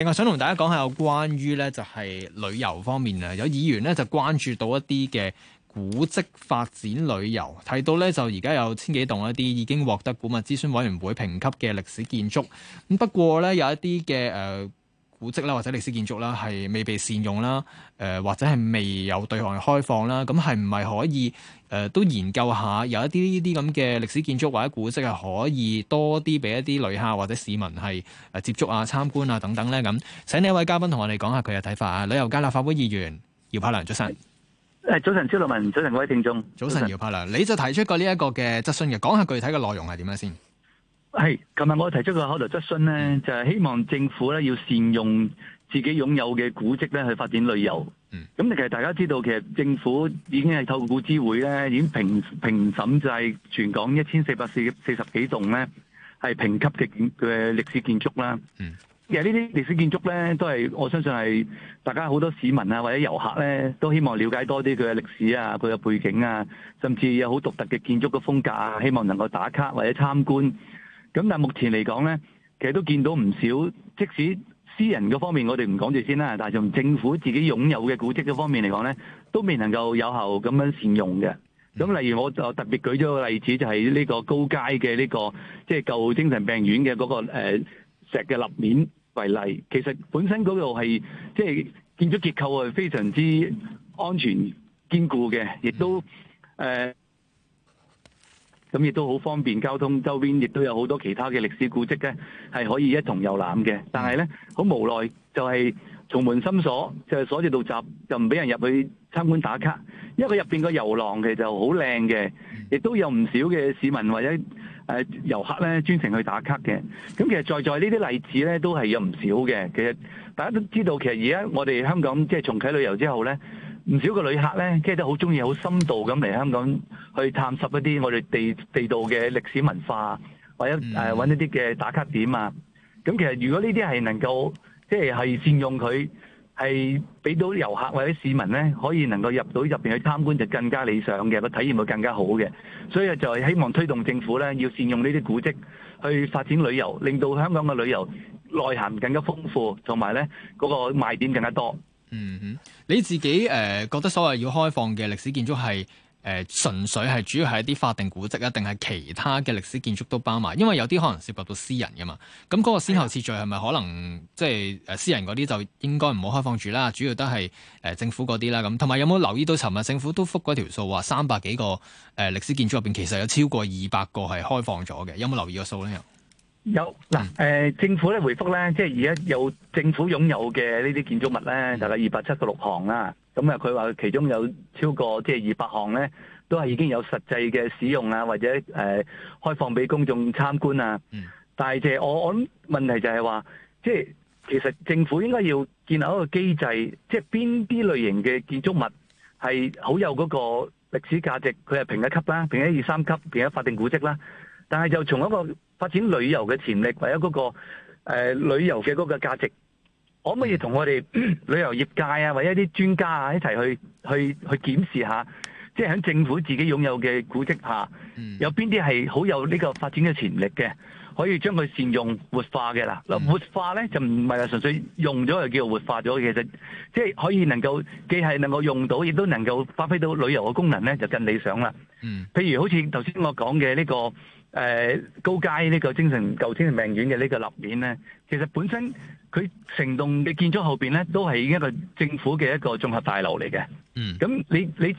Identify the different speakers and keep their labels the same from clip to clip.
Speaker 1: 另外想同大家講下有關於咧就係旅遊方面啊，有議員咧就關注到一啲嘅古蹟發展旅遊，提到咧就而家有千幾棟一啲已經獲得古物諮詢委員會評級嘅歷史建築，咁不過咧有一啲嘅誒。呃古蹟啦，或者歷史建築啦，係未被善用啦，誒、呃、或者係未有對外開放啦，咁係唔係可以誒、呃、都研究下，有一啲呢啲咁嘅歷史建築或者古蹟係可以多啲俾一啲旅客或者市民係誒接觸啊、參觀啊等等咧咁？請呢一位嘉賓同我哋講下佢嘅睇法啊！旅遊界立法會議員姚柏良早晨。
Speaker 2: 誒，早晨，焦立文，早晨，各位聽眾，早晨，姚柏
Speaker 1: 良，你就提出過呢一個嘅質詢嘅，講下具體嘅內容係點樣先？係，琴日我提出個口頭質詢咧，就係希望政府咧要善
Speaker 2: 用自己擁有嘅古蹟咧去發展旅遊。咁其實大家知道，其實政府已經係透過古諮會咧，已經評評審制全港一千四百四四十幾棟咧係評級嘅嘅歷史建築啦。其實呢啲歷史建築咧，都係我相信係大家好多市民啊或者遊客咧都希望了解多啲佢嘅歷史啊，佢嘅背景啊，甚至有好獨特嘅建築嘅風格啊，希望能夠打卡或者參觀。咁但係目前嚟講咧，其實都見到唔少，即使私人嘅方面我哋唔講住先啦，但係從政府自己擁有嘅古蹟嗰方面嚟講咧，都未能夠有效咁樣善用嘅。咁例如我就特別舉咗個例子，就係呢個高街嘅呢個即係舊精神病院嘅嗰個誒石嘅立面為例。其實本身嗰度係即係建築結構係非常之安全堅固嘅，亦都誒。咁亦都好方便交通，周邊亦都有好多其他嘅歷史古蹟咧，係可以一同遊覽嘅。但係咧，好無奈就係重門深鎖，就鎖住道閘，就唔俾人入去參觀打卡。因為入邊個遊廊其實就好靚嘅，亦都有唔少嘅市民或者誒遊客咧專程去打卡嘅。咁其實在在呢啲例子咧，都係有唔少嘅。其實大家都知道，其實而家我哋香港即係重啟旅遊之後咧。唔少嘅旅客咧，即係都好中意、好深度咁嚟香港去探索一啲我哋地地道嘅歷史文化，或者誒揾一啲嘅打卡點啊。咁其實如果呢啲係能夠，即係係善用佢，係俾到啲遊客或者市民咧，可以能夠入到入邊去參觀，就更加理想嘅，個體驗會更加好嘅。所以就係希望推動政府咧，要善用呢啲古蹟去發展旅遊，令到香港嘅旅遊內涵更加豐富，同埋咧嗰個賣點更加多。
Speaker 1: 嗯哼，你自己誒、呃、覺得所謂要開放嘅歷史建築係誒、呃、純粹係主要係一啲法定古蹟啊，定係其他嘅歷史建築都包埋？因為有啲可能涉及到私人嘅嘛。咁嗰個先後次序係咪可能是即係誒私人嗰啲就應該唔好開放住啦，主要都係誒、呃、政府嗰啲啦咁。同埋有冇留意到尋日政府都覆嗰條數話三百幾個誒、呃、歷史建築入邊其實有超過二百個係開放咗嘅？有冇留意個數呢？
Speaker 2: 有嗱，誒、呃、政府咧回覆咧，即係而家有政府擁有嘅呢啲建築物咧，大概二百七十六項啦。咁啊，佢話其中有超過即係二百項咧，都係已經有實際嘅使用啊，或者誒、呃、開放俾公眾參觀啊。嗯。但係即係我我諗問題就係話，即係其實政府應該要建立一個機制，即係邊啲類型嘅建築物係好有嗰個歷史價值，佢係評一級啦，評一二三級，評一法定古蹟啦。但係就從一個發展旅遊嘅潛力，或者嗰、嗰個誒、呃、旅遊嘅嗰個價值，可、mm-hmm. 唔可以同我哋、呃、旅遊業界啊，或者一啲專家啊一齊去去去檢視下，即係喺政府自己擁有嘅古蹟下，mm-hmm. 有邊啲係好有呢個發展嘅潛力嘅，可以將佢善用活化嘅啦。嗱、mm-hmm. 活化咧就唔係話純粹用咗就叫活化咗，其實即係可以能夠既係能夠用到，亦都能夠發揮到旅遊嘅功能咧，就更理想啦。嗯、mm-hmm.，譬如好似頭先我講嘅呢個。誒高街呢個精神舊精神病院嘅呢個立面咧，其實本身佢成棟嘅建築後邊咧，都係已經一個政府嘅一個綜合大樓嚟嘅。嗯，咁你你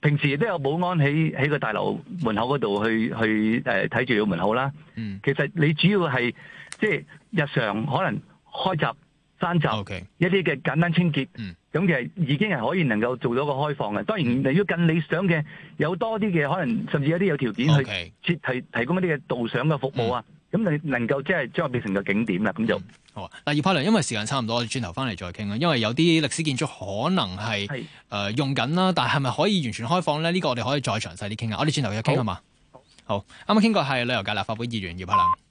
Speaker 2: 平時都有保安喺喺個大樓門口嗰度去去誒睇住個門口啦。嗯，其實你主要係即係日常可能開閘。山集，okay. 一啲嘅簡單清潔，咁、嗯、其實已經係可以能夠做到個開放嘅。當然，你要更理想嘅，有多啲嘅可能，甚至有啲有條件去設提、okay. 提，提供一啲嘅導賞嘅服務啊，咁、嗯、你能夠即係將變成個景點啦。咁、嗯、就好。
Speaker 1: 嗱，姚柏良，因為時間差唔多，轉頭翻嚟再傾啦。因為有啲歷史建築可能係用緊啦，但係係咪可以完全開放咧？呢、呢個我哋可以再詳細啲傾啊。我哋轉頭再傾啊嘛。好，啱啱傾過係旅遊界立法會議員姚柏良。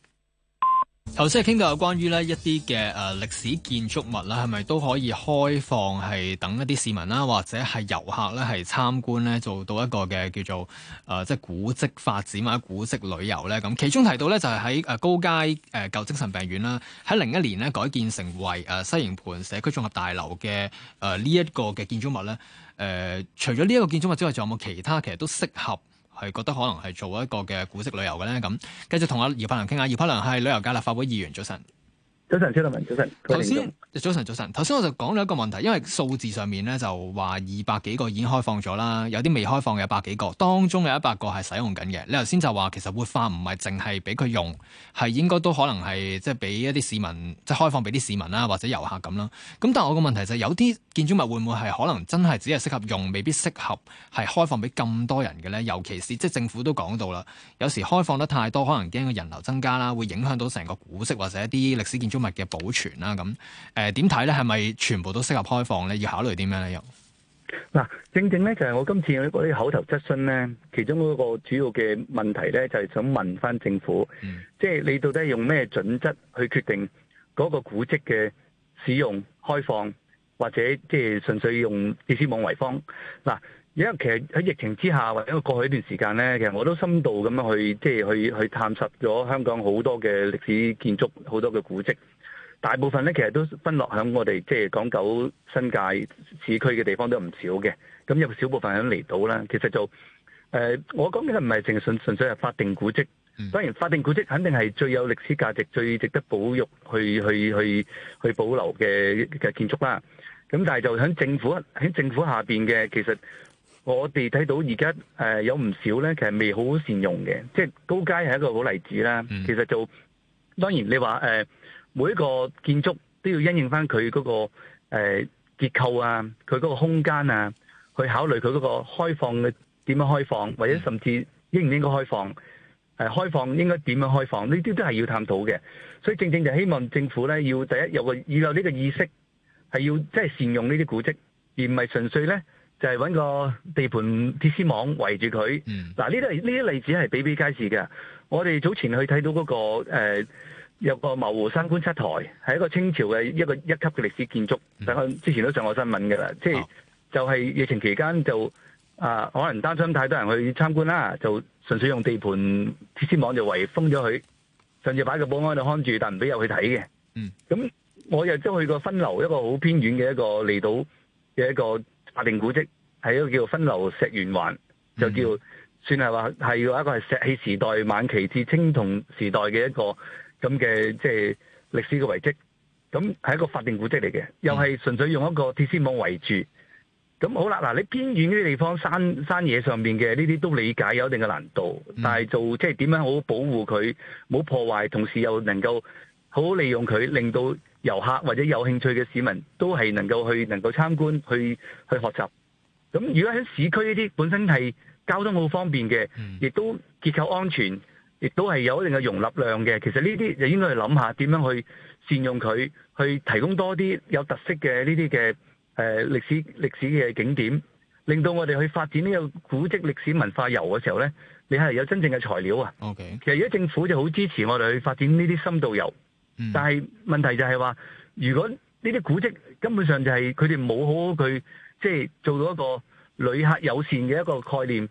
Speaker 1: 頭先係傾到有關於呢一啲嘅誒歷史建築物啦，係咪都可以開放係等一啲市民啦，或者係遊客咧係參觀咧，做到一個嘅叫做、呃、即係古蹟發展或者古蹟旅遊咧咁。其中提到咧就係、誒、喺高街誒舊、呃、精神病院啦，喺零一年咧改建成為誒西營盤社區綜合大樓嘅誒呢一個嘅建築物咧。除咗呢一個建築物之外，仲有冇其他其實都適合？係覺得可能係做一個嘅古式旅遊嘅咧咁，繼續同阿姚柏良傾下。姚柏良係旅遊界立法會議員，早晨。
Speaker 2: 早晨，朱立文，早晨。
Speaker 1: 頭先，早晨，早晨。頭先我就講咗一個問題，因為數字上面咧就話二百幾個已經開放咗啦，有啲未開放嘅有百幾個，當中有一百個係使用緊嘅。你頭先就話其實活化唔係淨係俾佢用，係應該都可能係即係俾一啲市民即係、就是、開放俾啲市民啦或者遊客咁啦。咁但係我個問題就係、是、有啲建築物會唔會係可能真係只係適合用，未必適合係開放俾咁多人嘅咧？尤其是即係政府都講到啦，有時開放得太多，可能驚人流增加啦，會影響到成個古蹟或者一啲歷史建築。物嘅保存啦，咁誒點睇咧？係、呃、咪全部都適合開放咧？要考慮啲咩咧？又
Speaker 2: 嗱，正正咧就係我今次有啲口頭質詢咧，其中嗰個主要嘅問題咧，就係想問翻政府，嗯、即係你到底用咩準則去決定嗰個古蹟嘅使用開放，或者即係純粹用鐵絲網為方嗱？因為其實喺疫情之下或者過去一段時間咧，其實我都深度咁樣去即係去去探索咗香港好多嘅歷史建築，好多嘅古蹟。大部分咧，其實都分落響我哋即係港九新界市區嘅地方都唔少嘅。咁有少部分喺離島啦。其實就、呃、我講嘅唔係淨係純粹係法定古蹟。當然法定古蹟肯定係最有歷史價值、最值得保育去、去去去去保留嘅嘅建築啦。咁但係就喺政府喺政府下面嘅，其實我哋睇到而家有唔少咧，其實未好好善用嘅。即係高街係一個好例子啦。其實就當然你話每一個建築都要因應翻佢嗰個誒結構啊，佢嗰個空間啊，去考慮佢嗰個開放嘅點樣開放，或者甚至應唔應該開放，誒開放應該點樣開放？呢啲都係要探討嘅。所以正正就希望政府咧要第一有個要有呢個意識，係要即係善用呢啲古蹟，而唔係純粹咧就係搵個地盤鐵絲網圍住佢。嗱呢啲呢啲例子係比比皆是嘅。我哋早前去睇到嗰、嗰個、呃有個茅湖山觀測台係一個清朝嘅一個一級嘅歷史建築，嗯、之前都上過新聞嘅啦。即係就係疫情期間就啊、呃，可能擔心太多人去參觀啦，就純粹用地盤鐵絲網就圍封咗佢，甚至擺個保安喺度看住，但唔俾入去睇嘅。咁、嗯、我又去過分流，一個好偏遠嘅一個離島嘅一個法定古蹟，係一個叫分流石圓環，就叫算係話係一個係石器時代晚期至青銅時代嘅一個。咁嘅即係歷史嘅遺跡，咁係一個法定古蹟嚟嘅，又係純粹用一個鐵絲網圍住。咁好啦，嗱，你偏遠嗰啲地方山山野上面嘅呢啲都理解有一定嘅難度，嗯、但係做即係點樣好好保護佢，冇破壞，同時又能夠好好利用佢，令到遊客或者有興趣嘅市民都係能夠去能夠參觀去去學習。咁如果喺市區呢啲本身係交通好方便嘅，亦、嗯、都結構安全。亦都係有一定嘅容納量嘅。其實呢啲就應該去諗下點樣去善用佢，去提供多啲有特色嘅呢啲嘅誒歷史歷史嘅景點，令到我哋去發展呢個古蹟歷史文化遊嘅時候呢，你係有真正嘅材料啊。OK，其實而家政府就好支持我哋去發展呢啲深度遊，嗯，但係問題就係話，如果呢啲古蹟根本上就係佢哋冇好好去即係、就是、做到一個旅客友善嘅一個概念。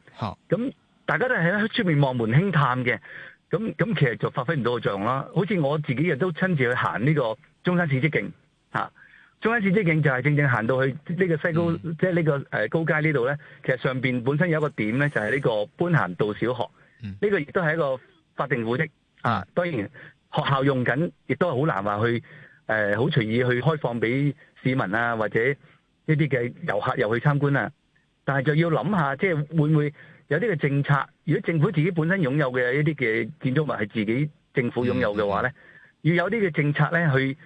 Speaker 2: 咁。huh. 大家都係喺出面望門輕探嘅，咁咁其實就發揮唔到個作用啦。好似我自己亦都親自去行呢個中山史蹟徑嚇、啊，中山史蹟徑就係正正行到去呢個西高，嗯、即係呢個高街呢度咧。其實上面本身有一個點咧，就係呢個般咸道小學，呢、嗯這個亦都係一個法定古蹟、啊。啊。當然學校用緊，亦都係好難話去誒好、呃、隨意去開放俾市民啊或者呢啲嘅遊客又去參觀啊。但係就要諗下，即係會唔會？有啲嘅政策，如果政府自己本身擁有嘅一啲嘅建築物係自己政府擁有嘅話，咧、嗯，要有啲嘅政策咧去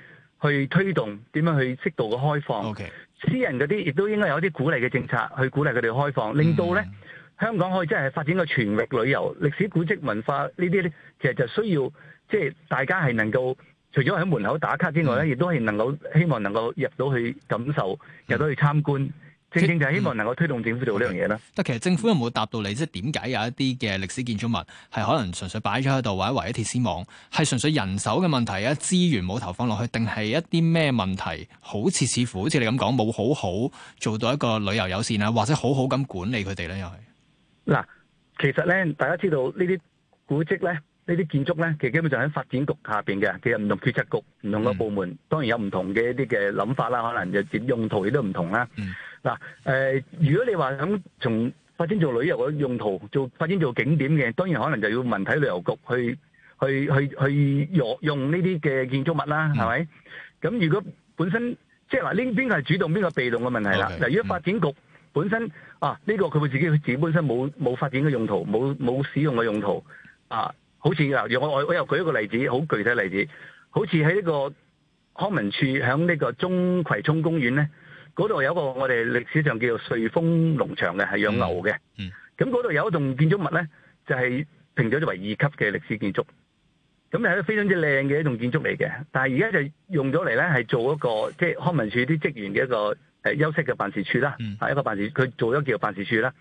Speaker 2: 去推動點樣去適度嘅開放。Okay. 私人嗰啲亦都應該有一啲鼓勵嘅政策去鼓勵佢哋開放，令到咧、嗯、香港可以真係發展個全域旅遊歷史古蹟文化呢啲咧，其實就是、需要即係、就是、大家係能夠除咗喺門口打卡之外咧，亦、嗯、都係能夠希望能夠
Speaker 1: 入到去感受、入到去參觀。嗯正正就係希望能夠推動政府做呢樣嘢啦。但其實政府有冇答到你，即係點解有一啲嘅歷史建築物係可能純粹擺咗喺度，或者圍咗鐵絲網，係純粹人手嘅問題啊？資源冇投放落去，定係一啲咩問題？好似似乎好似你咁講，冇好好做到一個旅遊友善啊，或者好好咁管理佢哋咧，又係
Speaker 2: 嗱。其實咧，大家知道迹呢啲古蹟咧。呢啲建築咧，其實基本上喺發展局下邊嘅，其實唔同決策局唔同個部門，當然有唔同嘅一啲嘅諗法啦，可能就用用途亦都唔同啦。嗱，誒，如果你話想從發展做旅遊嘅用途，做發展做景點嘅，當然可能就要文體旅遊局去去去去用用呢啲嘅建築物啦，係咪？咁如果本身即係嗱，呢邊係主動邊個被動嘅問題啦。嗱，如果發展局本身啊，呢個佢會自己佢自己本身冇冇發展嘅用途，冇冇使用嘅用途啊。好似啊，我我又舉一個例子，好具體例子，好似喺呢個康文署喺呢個中葵涌公園咧，嗰度有一個我哋歷史上叫做瑞豐農場嘅，係養牛嘅。嗯。咁嗰度有一棟建築物咧，就係評咗做為二級嘅歷史建築。咁又係非常之靚嘅一棟建築嚟嘅，但係而家就用咗嚟咧，係做一個即係、就是、康文署啲職員嘅一個誒休息嘅辦事處啦，係、嗯、一個辦事佢做咗叫做辦事處啦。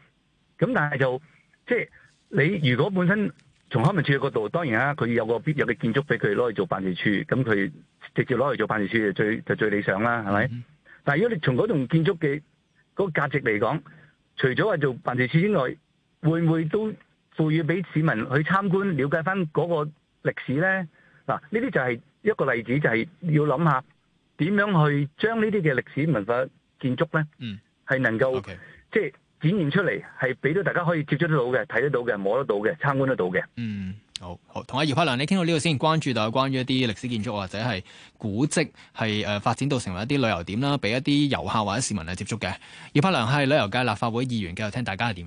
Speaker 2: 咁但係就即係、就是、你如果本身。從康文署嘅角度，當然啦、啊，佢有個必要嘅建築俾佢攞去做辦事處，咁佢直接攞去做辦事處就最就最理想啦，係咪？Mm-hmm. 但如果你從嗰棟建築嘅嗰、那個價值嚟講，除咗話做辦事處之外，會唔會都賦予俾市民去參觀、了解翻嗰個歷史咧？嗱，呢啲就係一個例子，就係、是、要諗下點樣去將呢啲嘅歷史文化建築咧，係、
Speaker 1: mm-hmm.
Speaker 2: 能夠、okay. 即係。展現出嚟，係俾到大家可以接觸到嘅、睇得到嘅、摸得到嘅、參觀得到嘅。
Speaker 1: 嗯，好好，同阿姚柏良你傾到呢度先，關注到關於一啲歷史建築或者係古蹟係誒發展到成為一啲旅遊點啦，俾一啲遊客或者市民去接觸嘅。姚柏良係旅遊界立法會議員，繼續聽大家嘅點。